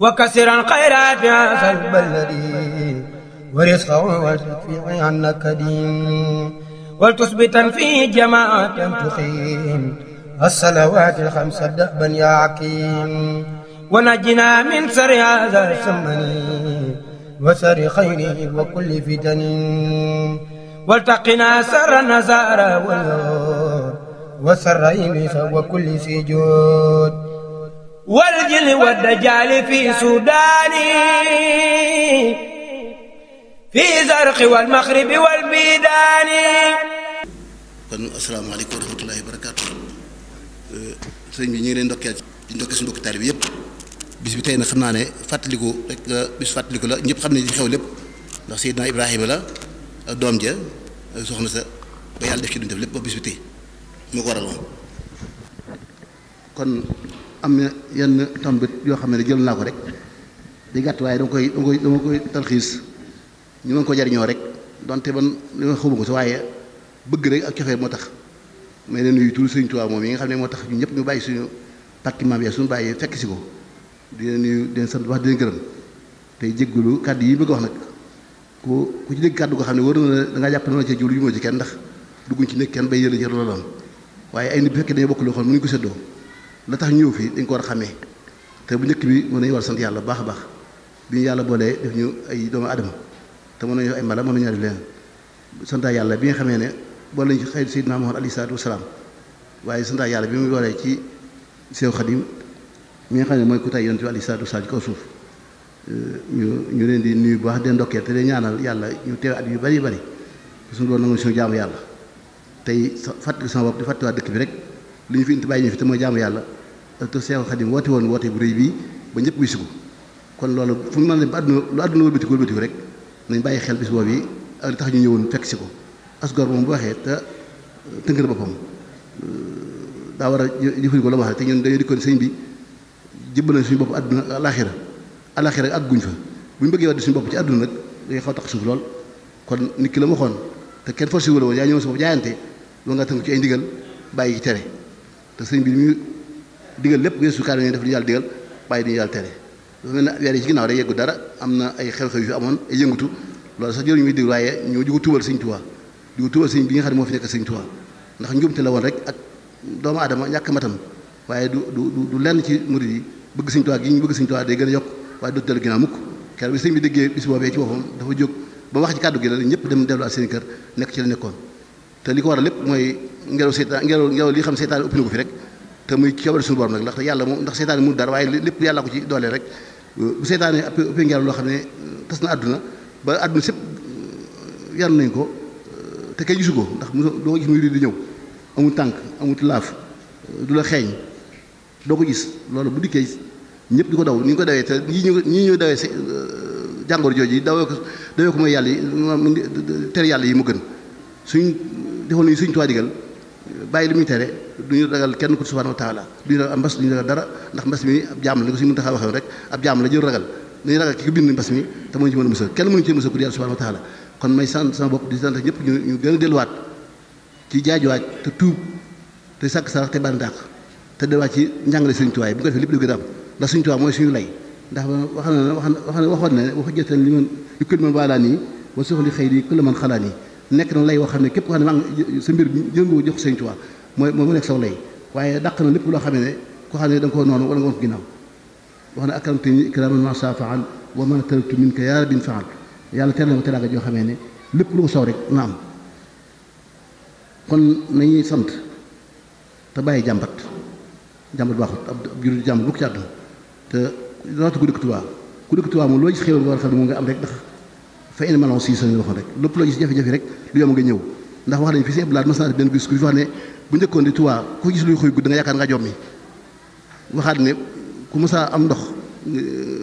وكسر الخيرات يا صاحب الذي ورزقه واشفي عنك دين ولتثبتا في جماعة تقيم الصلوات الخمس دأبا يا عكيم ونجنا من سر هذا السمن وسر خيره وكل فتن والتقنا سر نزار والنور وسر وكل سجود والجل والدجال في سوداني في زرق والمغرب والبيدان kon asalaamaaleykum wa rahmatullahi wa barakaatu euh, sëñ bi ñu ngi leen ndokkee di ndokkee suñu mbokki taalibe bi yëpp bis bi tey na xam naa ne fàttaliku rek bis fàttaliku la ñëpp xam ne di xew lépp ndox Seydina Ibrahima la doom ja soxna sa ba yàlla def ci duñ def lépp ba bis bi tey moo ko waraloon kon am na yenn tambit yoo xam ne jël naa ko rek di gàtt waaye dama koy dama koy dama koy talxiis ñu mën ko jariñoo rek donte man li ma xamuma ko waaye bëgg rek ak cofee moo tax may leen nuyu tudd Sëriñ Tuubaa moom yi nga xam ne moo tax ñu ñëpp ñu bàyyi suñu partement bi suñu bàyyi fekk si ko di leen nuyu di leen sant wax di leen gërëm tey jéggulu yi bëgg wax nag ku ku ci dégg kàddu ko xam ne war na la da ngaa jàpp na ci jublu yu moo ci kenn ndax dugguñ ci nekk kenn bay yële ci looloon waaye ay nit bu fekkee dañoo bokk loo xam mënuñ ko séddoo la tax ñëw fii dañ ko war a xame te bu njëkk bi mën nañu war a sant yàlla baax a baax bi ñu yàlla boolee def ñu ay doomu adama te mën nañu ay mala mën nañu def yàlla bi nga xamee ne boole ñu xëy Seydina Muhammad alayhi waaye santaa yàlla bi mu boolee ci Seex Xadim mi xam ne mooy ku tay yonent bi alayhi salaatu wasalaam suuf euh, ñu ñu leen di nuyu bu baax den ndokkee te de ñaanal yàlla ñu teew at yu bari bari suñu doon nangu suñu yàlla tey fàttali sama bopp di dëkk bi rek li ñu fi indi bàyyi ñu fi te mooy jaamu yàlla te Seexul Xadim woote woon woote bu rëy bii ba ñëpp ko kon loolu fu mu mën ne ba àdduna lu àdduna wëlbatiku wëlbatiku rek nañ bàyyi xel bis boobu ak li tax ñu ñëwoon fekk si ko asgor moom bu waxee te euh, tënk boppam euh, daa war a jëfandikoo la mu te ñun dañoo dikkoon sëñ bi jëbbal nañ suñu bopp àdduna ak alaaxira alaaxira ak guñ fa bu ñu bëggee wax di suñu bopp ci àdduna nag dañuy xaw tax suuf lool kon nit ki la ma te kenn forcé wu woon yaa ñëw sa bopp jaayante loolu nga tënk ci ay ndigal bàyyi ci tere te sëñ bi digal lépp weesu kaar def li yàlla digal bàyyi di yàlla tere dafa mel ne weer yi ci ginnaaw day am na ay xew-xew sax jëruñu muy dig waaye ñoo di ko tuubal sëñ Tuubaa di ko tuubal sëñ bi nga xam ne moo fi nekk sëñ Tuubaa ndax la woon rek ak aadama ñàkk matam waaye du du du lenn ci murid yi bëgg sëñ Tuubaa gi ñu bëgg sëñ Tuubaa day gën a yokk waaye dootu dellu ginnaaw mukk keroog bi sëñ jóg ba wax ci kàddu gi la ñëpp dem delluwaat seen kër nekk ci la nekkoon te li ko waral lépp mooy ngelaw seytaan ngelaw ngelaw li xam seytaan ëpp na ko fi rek te muy coobare suñu borom nag ndax yàlla moom ndax seytaane mu dara waaye lépp yàlla ko ci doole rek bu seytaane ëppee ngelaw loo xam ne euh, tas na àdduna ba àdduna sépp euh, yar nañ ko euh, te kay gisu ko ndax mu doo ko gis muy di ñëw amul tànk amul laaf du la xeeñ doo ko gis loolu bu dikkee ñëpp di ko daw ni ñu ko dawee te ñi ñu ñi ñu dawee jàngoor jooju yi dawee ko dawee ko mooy yàlla yi ter yàlla yi mu gën suñ defoon nañu suñ tuwaa digal bàyyi li muy tere du ñu ragal kenn ku subhanahu wa taala duñu ragal mbas duñu dara ndax mbas mi ab jaam la ko waxee rek ab jaam la jël ragal dañu ragal ki ko bind mbas mi te mënu ci mën a musal kenn mënu ci musal ku ñu ñu gën a delluwaat ci jaajuwaaj te tuub te sàkk sarax te bàndaaq te delluwaat ci njàngale suñu tuwaay bu ko lépp di gën a am ndax suñu mooy suñu lay ndax wax na wax na waxoon na wax jëtan li man yukkil man waalaan yi wa soxli xëy di ku la man xalaan yi nekk na lay woo xam ne képp ko xam ne maa ngi sa mbir jëngoo jox suñu tuwaay mooy mooy mu nekk saw lay waaye dàq na lépp loo xam ne koo xam ne da nga ko noonu wala nga ko ginnaaw wax na akramtani ikraman ma saa faal wa ma taratu minka yaa rabbin yàlla teral ma joo xamee ne lépp lu mu rek na nañuy sant te bàyyi jàmbat jàmbat baaxut ab jur jàmbat bu ko ci àdduna te rawatina ku dëkk Tuubaa ku dëkk moom nga am rek ndax fa in malon sii sa waxoon rek lépp loo gis jafe-jafe rek lu yomb nga ñëw ndax wax nañ fi si Abdoulaye mas naa benn gis ku fi wax ne bu njëkkoon di Tuubaa ku gis luy xuy gudd da yaakaar nga jommi waxaat ne ku mës am ndox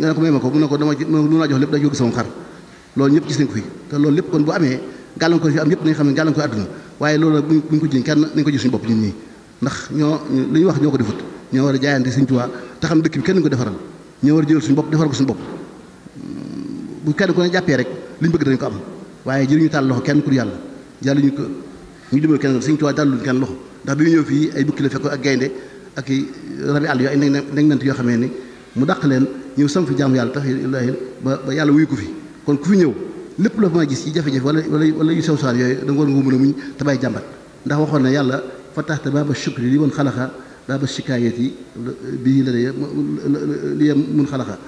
nga ne ko may ma ko mu ne ko dama lu naa jox lépp da jóg sama xar loolu ñëpp gis ko fi loolu lépp kon bu amee gàllankoor fi am ñëpp nañ xam ne gàllankoor àdduna waaye loolu bu ñu suñu bopp ñun ñii ndax ñoo li ñu wax ñoo ko defut ñoo war a jaayante Sëñ Tuubaa te xam dëkk bi kenn ko defaral ñoo war a suñu bopp defar ko suñu bopp bu kenn ku ne jàppee rek liñ bëgg dañ ko am waaye jëriñu tàll loxo kenn ku yàlla yàlla ñu ko ñu dimbali kenn sëñ Tuubaa dàlluñ kenn loxo ndax bi ñu ñëw fii ay bukki la fekk ak gaynde ak i rabi àll yoo ay nañ nant yoo xamee ni mu daq leen ñëw sam fi jaamu yàlla tax ilahi ba ba yàlla wuyu ko fi kon ku fi ñëw lépp la fa may gis ci jafe-jafe wala wala wala yu sew saan yooyu da nga war nga mën a muñ te bàyyi jàmbat ndax waxoon na yàlla fataxte baaba shukri li man xalaxa baaba shikaayat yi bii la de li mun xalaxa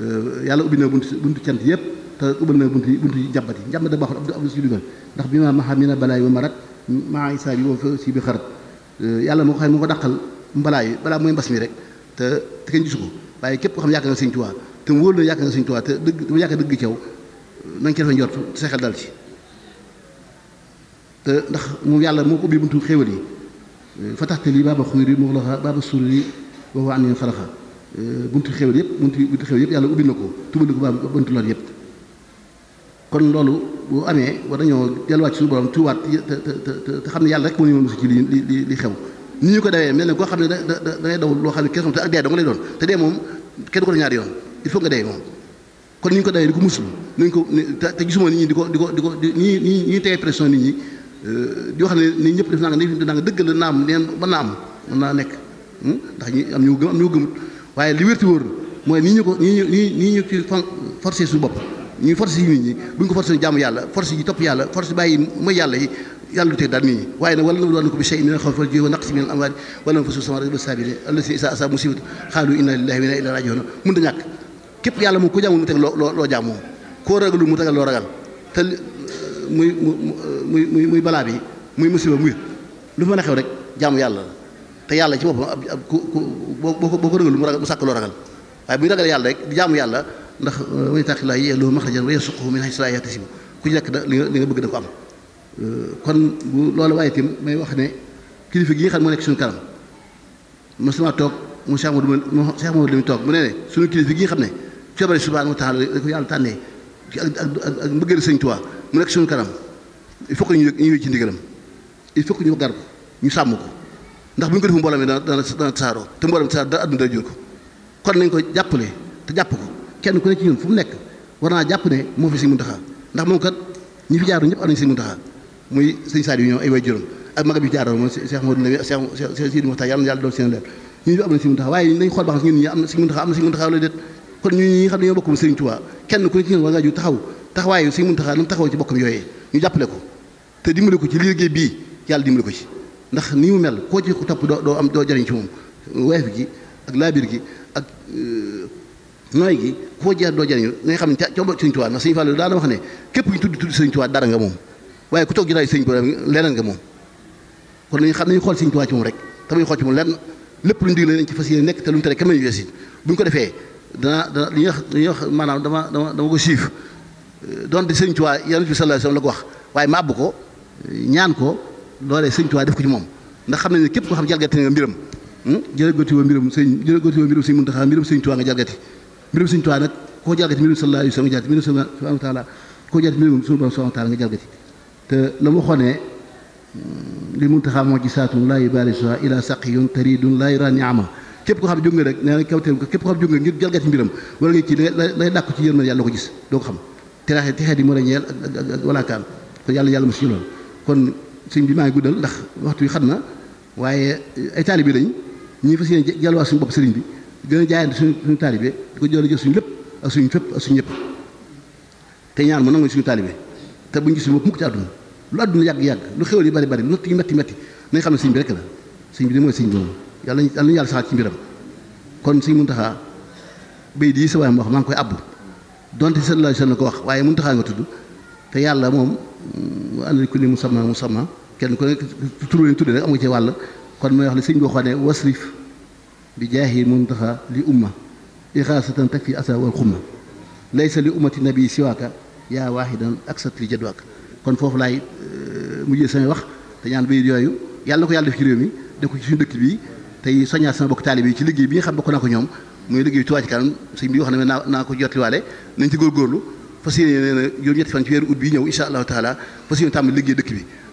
euh, yàlla ubbi na buntu buntu cant yëpp te ubal na buntu yi buntu yi njàmbat yi ndax bi ma maxa mi na balaay wa marat maa isaa bi wa fa si bi xarat euh, yàlla moo ko xam moo ko dàqal mbalaay balaa mooy mbas mi rek te te kenn gisu ko waaye képp ko xam yaakaar nga sëñ Tuubaa te mu na yaakaar nga te dëgg dama yaakaar dëgg ci yow na te ndax moom yàlla moo ko ubbi buntu xéewal yi euh, fataxte lii baaba xuyri muxlaxa baaba surri wa wa an xalaxa euh, buntu xéewal yëpp buntu buntu xéewal yëpp yàlla ubbi na ko tubal na ko baaba buntu lor yëpp kon loolu bu amee war nañoo delluwaat ci suñu borom tuwaat te te te xam ne yàlla rek moo ñu mën ci li li li xew ni ñu ko dawee mel ne koo xam ne da da da ngay daw loo xam ne question te ak dee dong lay doon te dee moom da ñaari yoon il faut nga dee moom kon ni ñu ko dawee di ko muslu nit ñi di ko li wérti wóor mooy nii ñu ko nii ñu nii ñu ci forcé suñu bopp ñuy force yi nit ñi bu ko force jaamu yàlla force yi topp yàlla force bàyyi mooy yàlla yi yàlla du teg daal nit ñi waaye na wala na doon ko bi shay min xaw fal jiwa naqsi min al amwaali wala fa su sama rabbi mu teg loo loo jaamu koo mu tegal loo ragal te bi muy musiba muy lu mën a xew rek jaamu yàlla la te yàlla ci boppam ab ku ku boo ko boo ko ragalul mu ragal mu sàkk loo ragal waaye bu ragalee yàlla rek di yàlla ndax euh, way taqi laa yee loo maxrajan wa yarzuqhu min haysu laa ku ci nekk da li nga euh, kon bu loolu waaye itam may wax ne kilifa gi xam moo nekk suñu kanam mosuma toog mu mu Cheikh Modou li mu toog mu ne ne suñu kilifa gi nga xam ne coobare subhaanahu wa yàlla tànnee ak ak ak mbëggeel Sëñ Tuubaa mu nekk suñu kanam il faut ñu ñu ci ndigalam il faut que ñu gar ko ñu sàmm ko ndax bu ñu ko def mbooloo mi dana dana tasaaroo te mbooloo mi tasaaroo dara àdduna dara ko kon nañ ko jàppale te jàpp ko kenn ku ne ci ñun mu nekk war naa jàpp ne moo fi Sëriñ Muntaxa ndax jaaru ñëpp am nañ Sëriñ Muntaxa muy sëñ Sadio ñoo ay way juróom ak magam yi jaaroon moom Cheikh Modou Nabi Cheikh Sidi Mokhtar yàlla na yàlla doon seen leer ñu fi am ngaa ju taxaw taxawaayu Sëriñ Muntaxa na mu taxaw ci bokkam yooyee ñu jàppale ko te dimbale ko ci liggéey bii yàlla dimbale ko ci ndax ni mu mel koo ci ko topp doo doo am doo jariñ ci moom weef gi ak laabir gi ak euh, nooy gi koo jaar doo jariñu na nga xam ne coba Sëriñ Tuubaa ndax Sëriñ Fallu daana wax ne képp ñu tudd tudd Sëriñ Tuubaa dara nga moom waaye ku toog jotaay Sëriñ Tuubaa leneen moom kon nañu xam nañu xool Sëriñ Tuubaa ci moom rek te muy xool ci moom lenn lépp lu ñu digle nañ ci fas nekk te lu ñu ko defee dana dana li ñuy wax li dama dama dama ko siif donte Sëriñ Tuubaa Yonent bi sallallahu la ko wax waaye ma ko ñaan ko loolee Sëriñ Tuubaa def ko ci moom ndax xam nañ képp koo xam jalgati nga mbiram jërëgati woo mbiram sëñ jërëgati woo mbiram sëñ Muntaxa mbiram Sëriñ Tuubaa nga jalgati mbirum Sëriñ Tuubaa nag koo jalgati mbirum sallallahu alayhi wasallam nga jalgati mbirum subhanahu wa taala koo jalgati mbirum suñu borom subhanahu wa taala nga jalgati te la mu waxoon ne mm, li muntaxaa moo ci saatun laa yubalisuha ila saqiyun taridun laa yura niama képp ko xam ne jóg nga rek nee na kawteem ko képp ko xam ne jóg nga ngir jalgati mbiram wala nga ci yàlla ko gis doo ko xam teraaxe texee di mën a ñeel ak walaakaan kon yàlla yàlla mos ñu lool kon sëñ bi maa ngi guddal ndax waxtu yi xam na waaye ay taalibe lañ ñi fas yéene jalwaa suñu bopp sëriñ bi gën a jaayante suñu suñu taalibe di ko suñu lépp ak suñu fépp ak suñu yëpp te ñaan mu nangu suñu taalibe te buñu gis suñu bopp mukk ci àdduna lu àdduna yàgg-yàgg lu xéwal yi bari bari lu natt yi metti metti nañ xam ne sëñ bi rek la sëñ bi di mooy sëñ boobu yàlla nañu yàlla saxaat ci mbiram kon sëñ Muntaxa bay dii sa waay mu wax maa ngi koy àbb donte sallallahu alayhi wasallam ko wax waaye mun taxaa nga tudd te yàlla moom ànd ku ni musamma musamma kenn ku nekk turu leen tudde rek am nga ci wàll kon mooy wax ne sëñ boo xoo ne bi jaahi muntaxa li umma ixaasatan takfi asa wal xumma laysa li ummati nabi siwaaka yaa waaxidan aksat li jadwaaka kon foofu laay mujjee samay wax te ñaan bayit yooyu yàlla na ko yàlla def ci réew mi def ko suñu dëkk bi tey soññaat sama bokk taalibe yi ci liggéey bi nga xam bokk naa ko ñoom muy liggéey Touba Ca Kanam sëñ bi wax na naa naa ko jotliwaale nañ ci góorgóorlu fas yéene nee na juróom-ñetti fan ci weeru ut bi ñëw insha allahu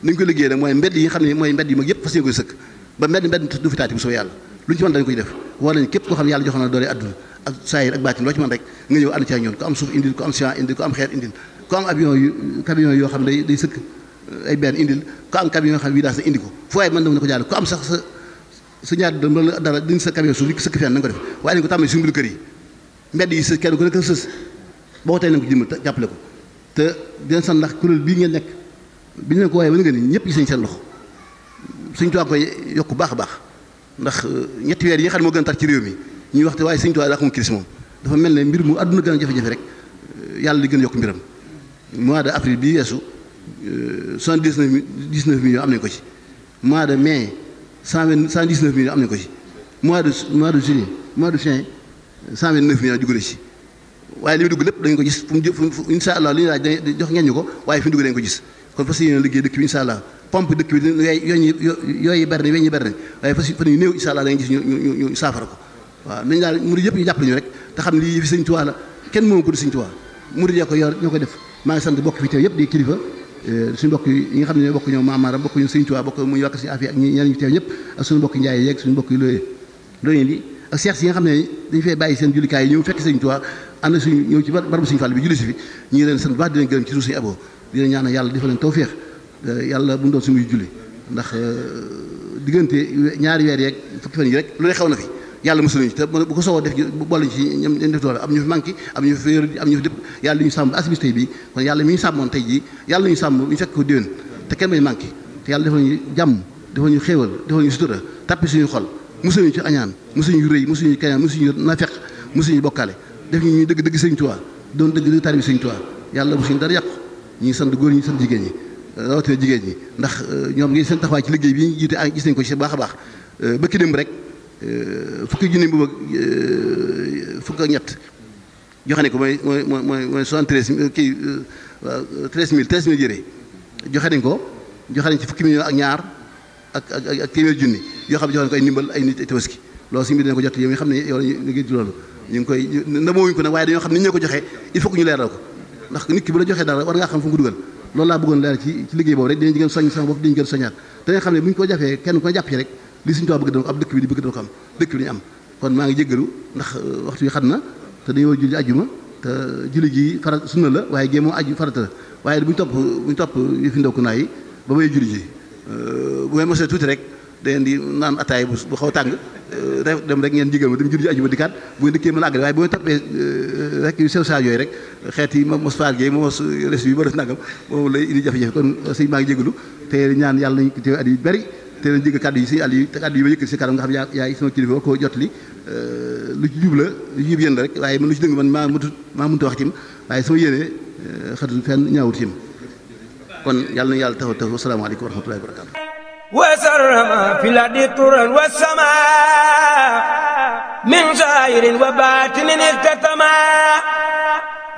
ne mooy mbedd yi mag ba mbedd mbedd du fi taati bu soobee yàlla lu ñu ci mën dañ koy def war nañ képp xam yàlla joxoon na doole adduna ak saayir ak baatin loo ci mën rek nga ñëw ànd ci ak ñoom ku am suuf indil benn indil ku am camion yoo xam ne vidange na indi ko ko jàll ku am sax sa sa ñaar dërëm wala dara dañ sa camion suuf sëkk fenn na nga ko def waaye nañ ko tàmmee suñu mbiru kër yi mbedd yi sës kenn ku boo ko tey nañ ko jëmmal jàppale ko te dina san ndax kuréel bii ngeen nekk bi ñu ko waaye wan ni ñëpp gis nañ seen loxo sëñ Tuubaa koy yokk baax a baax ndax euh, ñetti weer yi nga xam ne moo gën a tar ci réew mi ñuy waxte waaye sëñ Tuubaa daa ko mu kiris moom dafa mel ne mbir mu àdduna gën a jafe-jafe rek euh, yàlla li gën a yokk mbiram mois de avril bi weesu soixante-dix-neuf euh, dix-neuf millions am nañ ko ci mois de mai cent vingt cent dix-neuf millions am nañ ko ci mois de mois de juillet mois de juin cent vingt-neuf millions dugg na ci waaye li mu gis fu mu jë fu insha allah jox ngeen ñu ko waaye fi mu dugg dañ ko gis kon fas yéene liggéey dëkk bi incha allah pompe dëkk bi yooyu yooyu bari na weñ yi bari na waaye fas fan yu néew incha allah da nga gis ñu ñu ñu saafara ko waaw nañ daal murid yëpp ñu jàppale ñu rek te xam lii fi Sëñ Tuubaa la kenn moom ko du Sëñ Tuubaa murid yaa ko yor ñoo ko def maa ngi sant bokk fi teew yëpp di kilifa eh, suñu bokk yi nga xam ne bokk ñoom maamaara bokk ñu Sëñ Tuubaa bokk muy wàkk si affaire ak ñeneen ñu teew ñëpp ak suñu bokk njaay yeeg suñu bokk looyee looyee li ak seex si nga xam ne dañu fee bàyyi seen jullikaay yi ñëw fekk Sëñ Tuubaa ànd suñu ñëw ci barabu suñu fàll bi julli euh, ndax euh, diggante ñaari weer yeeg fukki fan yi rek lu ne xew na fi yàlla mosul te bu ko soowoo def boole am ñu fi manqué am ñu fi am ñu fi dëpp yàlla li sàmm asibis tey bii kon yàlla mi ñu sàmmoon tey jii yàlla ñu sàmm ñu fekk ko déwén te kenn bañ manqué te yàlla defal ñu jàmm defal ñu xéewal defal ñu sutura tappi suñu xol mosul ñu ci añaan mosul ñu rëy mosul ñu kañaan mosul ñu nafeq mosul ñu bokkaale def ñu ñuy dëgg dëgg sëñ Tuubaa doon dëgg dëgg taalibe sëñ Tuubaa yàlla bu suñ dara yàqu ñuy sant góor ñi sant jigéen ñi rawatina jigéen ñi ndax euh, ñoom ngi seen taxawaay ci liggéey bi ñu jiite ak gis nañ ko ci baax baax euh, bëkki dem rek euh, junni bu fukk ak ñett joxe ko mooy mooy mooy mooy soixante-treize mille kii treize mille treize joxe nañ ko joxe ci fukki mi ak ñaar ak ak téeméer junni yoo xam ne joxe nañ ko ay ndimbal nit ay tabaski loolu suñu bi dina ko jot yow nga xam ne koy namoowuñu ko nag waaye dañoo xam ni ñu ko joxee il faut ñu leeral ko ndax nit ki bu la joxee dara war ngaa xam fu mu ko dugal loolu laa bëggoon leeral ci liggéey boobu rek dinañ gën soññ sama xam ne bu ñu ko jafee kenn ku jàpp ci rek li suñu tubaab am dëkk bi di bëgg dana ko am dëkk bi ñu am kon maa ngi jéggalu ndax euh, waxtu yi xat na te dañu war julli ajjuma te julli gi fara sunna la waaye gée moom waaye bu ñu topp bu ñu topp yu fi ndokk naa yi ba may julli ji euh, bu may tuuti rek dangeen di naan ataay bu xaw tàng euh, dem rek ngeen jigal ma dem julli ji ajuma dikkaat bu ngeen dikkee mën a àggale waaye bu ngeen toppee euh, rek yu sew saa yooyu rek xeet yi ma mos faal gee ma mos res yu ma def nangam boobu lay indi maa ngi jégalu te ñaan yàlla nañ ko teew at yu bari te nañ yi sëñ àll yi te kàddu yi ma yëkkati si kanam jot li euh, jub la lu rek waaye man lu ci dëng man maa mënut maa mënut wax ci waaye sama yéene xatul fenn ñaawut ci kon yàlla na yàlla taxaw taxaw asalaamaaleykum wa rahmatullahi wa barakatu وسرما في الأرض طرا والسماء من ظاهر وباطن اختتما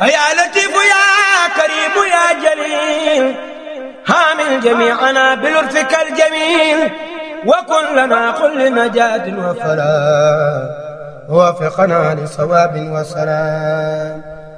يا لطيف يا كريم يا جليل حامل جميعنا بلطفك الجميل وكن لنا كل نجاة وفلاح وفقنا لصواب وسلام